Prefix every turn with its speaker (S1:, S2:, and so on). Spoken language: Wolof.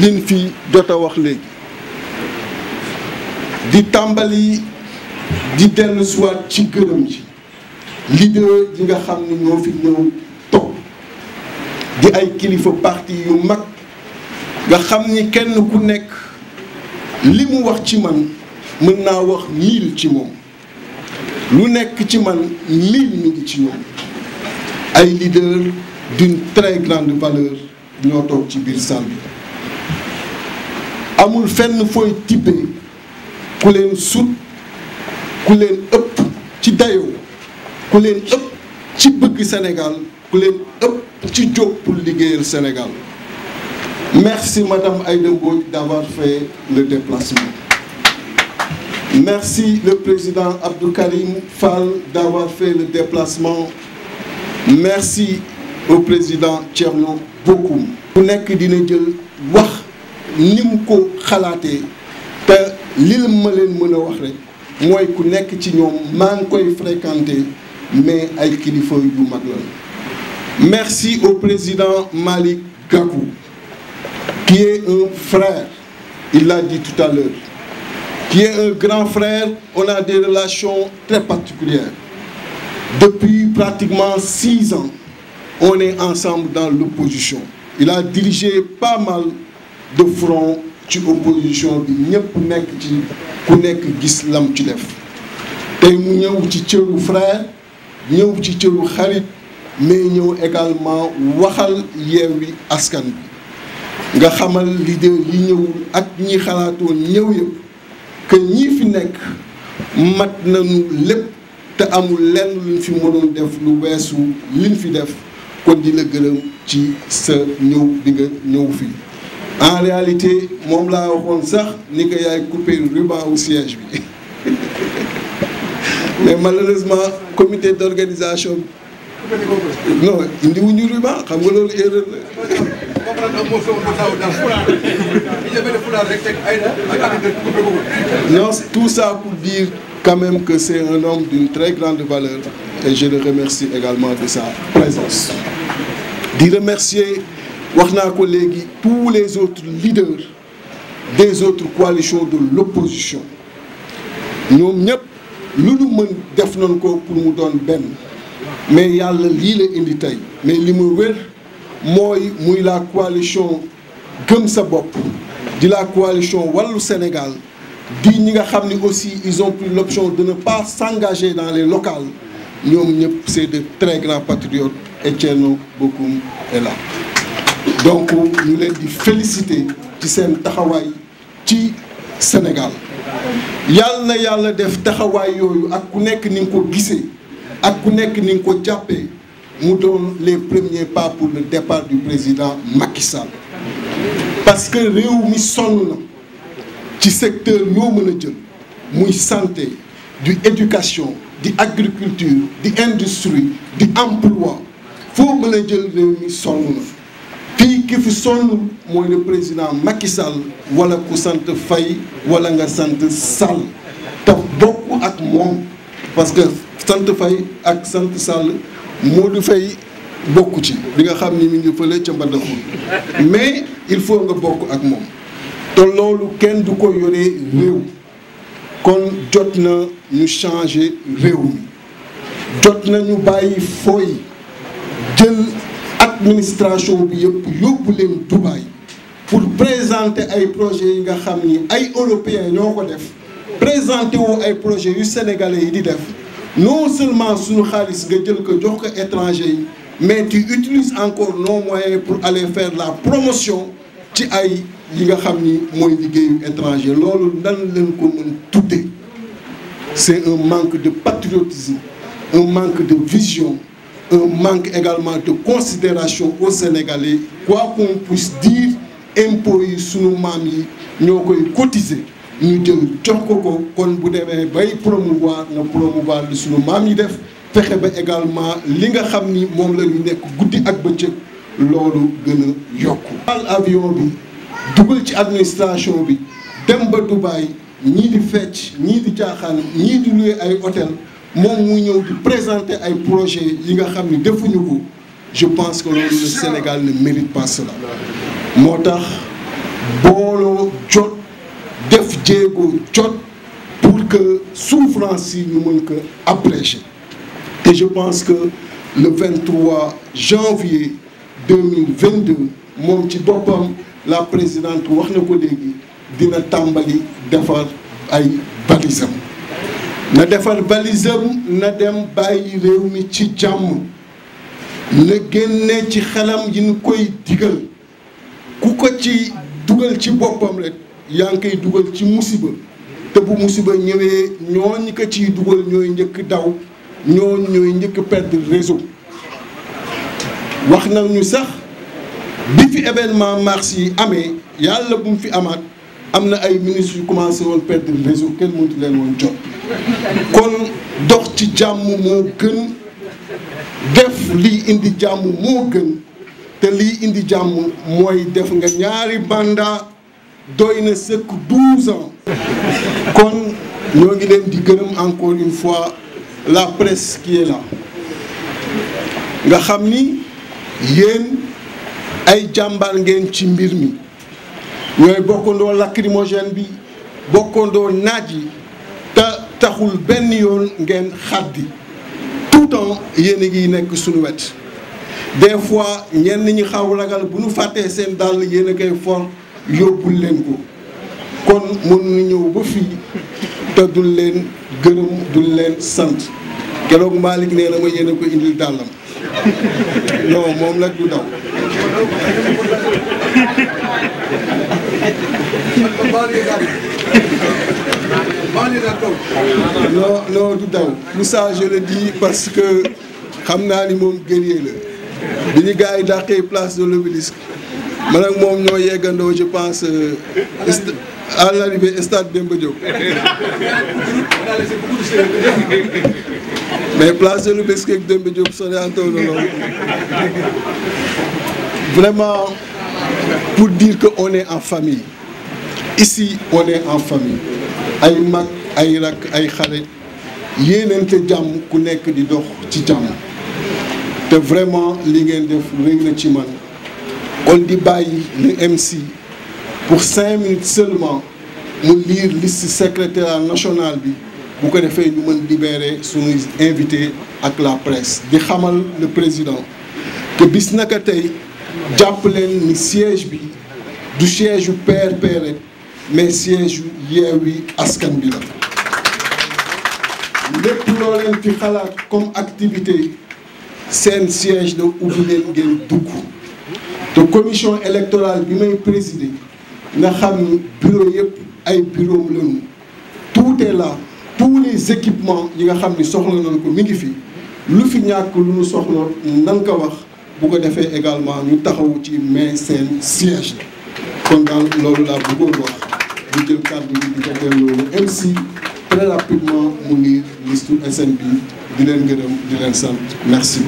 S1: liñ fi jot a wax léegi di tàmbali di dellu siwaat ci gërëm ji leader yi nga xam ni ñoo fi ñëw toog di ay kilifa parti yu mag nga xam ni kenn ku nekk li mu wax ci man mën naa wax mille ci moom lu nekk ci man mille ñu ngi ci ñoom ay leader d'une très grande valeur ñoo toog ci biir salle amul fenn fooy tibbee ku leen sut ku leen ëpp ci dayoo ku leen ëpp ci bëgg senegal ku leen ëpp ci jóg pour liggéeyal Sénégal Merci Madame Aïdembouk d'avoir fait le déplacement. Merci le président Abdou Karim Fall d'avoir fait le déplacement. Merci au président Thierno Bokoum. ku nekk dina jël wax ni mu ko xalaatee te li ma leen mën a wax rek mooy ku nekk ci ñoom maa ngi koy fréquenter mais ay kilifa yu mag la. Merci au président Malick Gakou. qui est un frère, il l'a dit tout à l'heure, qui est un grand frère, on a des relations très particulières. Depuis pratiquement six ans, on est ensemble dans l'opposition. Il a dirigé pas mal de fronts ci opposition bi ñëpp nekk ci ku nekk gis lam ci def tey mu ñëw ci cëru frère ñëw ci cëru xarit mais ñëw également waxal Yewwi Askan Wi nga xamal leader yi ñëwul ak ñii xalaatoon ñëw yëpp que ñii fi nekk mat nañu lépp te amul lenn luñ fi mënoon def lu beesu liñ fi def kon di la gërëm ci sa ñëw bi nga ñëw fii. en réalité moom laa waxoon sax ni ko yaay coupé ruban au siège bi mais malheureusement comité d'organisation non indiwuñu ruban xam nga loolu erreur la. Non, tout ça pour dire quand même que c'est un homme d'une très grande valeur et je le remercie également de sa présence. Di remercier wax naa ko léegi tous les autres leaders des autres coalitions de l'opposition ñoom ñëpp lu ñu mën def nañ pour mu doon benn mais yàlla lii la indi tey mais li mu wér mooy muy la coalition gëm sa bopp di la coalition wàllu Sénégal di ñi nga xam ni aussi ils ont l'option de ne pas s'engager dans les locales ñoom ñëpp c'est de très grands patriotes et Thierno Bocoum est là donc ñu leen di féliciter ci seen taxawaay ci Sénégal yàlla na yàlla def taxawaay yooyu ak ku nekk ni nga ko gisee ak ku nekk ni nga ko jàppee mu doon les premier pas pour le départ du président Macky parce que réew mi sonn na ci secteur yoo mën a jël muy santé du éducation di agriculture di industrie di emploi foo mën a jël réew mi sonn na fii ki fi sonn mooy le président Macky Sall wala ku sant Faye walla nga sant Sall te bokk ak moom parce que sant Faye ak sant Sall Modou Faye bokk ci bi nga xam ni mi ngi fële ca Mbadakhoune mais il faut nga bokk ak moom te loolu kenn du ko yore réew kon jot na ñu changer réew mi jot na ñu bàyyi fooy jël administration bi yëpp yóbbu leen Dubaï pour présenter ay projets yi nga xam ni ay européens ñoo ko def présenter woo ay projets yu sénégalais yi di def non seulement suñu xaalis nga jël ko jox ko étranger yi mais tu utilises encore non moyens pour aller faire la promotion ci ay yi nga xam ni mooy liggéeyu étranger loolu nan leen ko mën tuddee c'est un manque de patriotisme un manque de vision un manque également de considération aux Sénégalais quoi qu'on puisse dire impôts yi sunu maam yi ñoo koy cotisé ñu jël jox ko ko kon bu demee bay promouvoir na promouvoir li suñu maam yi def fexe ba également li nga xam ni moom la ñu nekk guddi ak bëccëg loolu gën a yokku al avion bi dugal ci administration bi dem ba Dubaï ñii di fecc ñii di caaxaan ñii di loué ay hôtel moom mu ñëw di présenter ay projet yi nga xam ni defuñu ko je pense que loolu Sénégal ne mérite pas la moo tax booloo def jéego jot pour que souffrance yi ñu mën ko apprécier te je pense que le 23 janvier 2022 moom ci boppam la présidente wax na ko léegi dina tàmbali defar ay balisam na defar balisam na dem bàyyi réew mi ci jàmm na génne ci xelam yi ñu koy digal ku ko ci dugal ci boppam rek yaa ngi koy dugal ci musiba te bu musiba ñëwee ñooñu ko ciy dugal ñooy njëkk daw ñooñu ñooy njëkk perdre réseau wax ñu sax bi fi événement mars yi amee yàlla bu mu fi amaat am na ay ministres yu commencé woon perdre réseau kenn mënut leen woon jot kon dox ci jàmm moo gën def lii indi jàmm moo gën te lii indi jàmm mooy def nga ñaari mandat doy na sëkk 12 kon ñoo ngi leen di gërëm encore une fois la presse qui nga xam ni yéen ay jàmbaar ngeen ci mbir mi ñooy bokkandoo lacrymogène bi bokkandoo naaj yi ta taxul benn yoon ngeen xaddi tout temps yéen a ngi nekk sunu wet des fois ñenn ñi xaw ragal bu nu fàttee seen dàll yéen a koy for yóbbul leen ko kon mën na ñëw ba fii te dul leen gërëm dul leen sant keroog Malick nee na ma yéen a ko indil dàllam non moom nag du daw non non du daw Moussa le dis parce que xam naa ni moom guerrier la bi ñu gars yi dàqee place de l'obélisque man moom ñoo yeggandoo je pense euh, à l'arrivée stade Demba Diop mais place de l'Obélisque ak Demba Diop soriantoo na lool vraiment pour dire que on en famille ici on en famille ay mag ay rakk ay xale yéenante jàmm ku nekk di dox ci jàmm te vraiment li ngeen def réy na ci man kon di bàyyi le MC pour cinq minutes seulement mu lire liste secrétaire national bi bu ko defee ñu mën libérer suñuy invité ak la presse di xamal le président que bis naka tey jàpp leen ni siège bi du siège yu PRP rek mais siège yu Yewwi Askan Wi la lépp loo leen fi xalaat comme activité seen siège la ubbi leen ngeen dugg te commission électorale bi may présider nga xam ni bureau yëpp ay bureau lañu tout la là tous les équipements yi nga xam ni soxla nañ ko mi ngi fi lu fi ñàkk lu ñu soxla nan ko wax bu ko defee également ñu taxaw ci mais seen siège kon daal loolu laa bëggoon wax ñu jël kàddu yi di ko delloo MC très rapidement mu ngi listu SN bi di leen gërëm di leen sant merci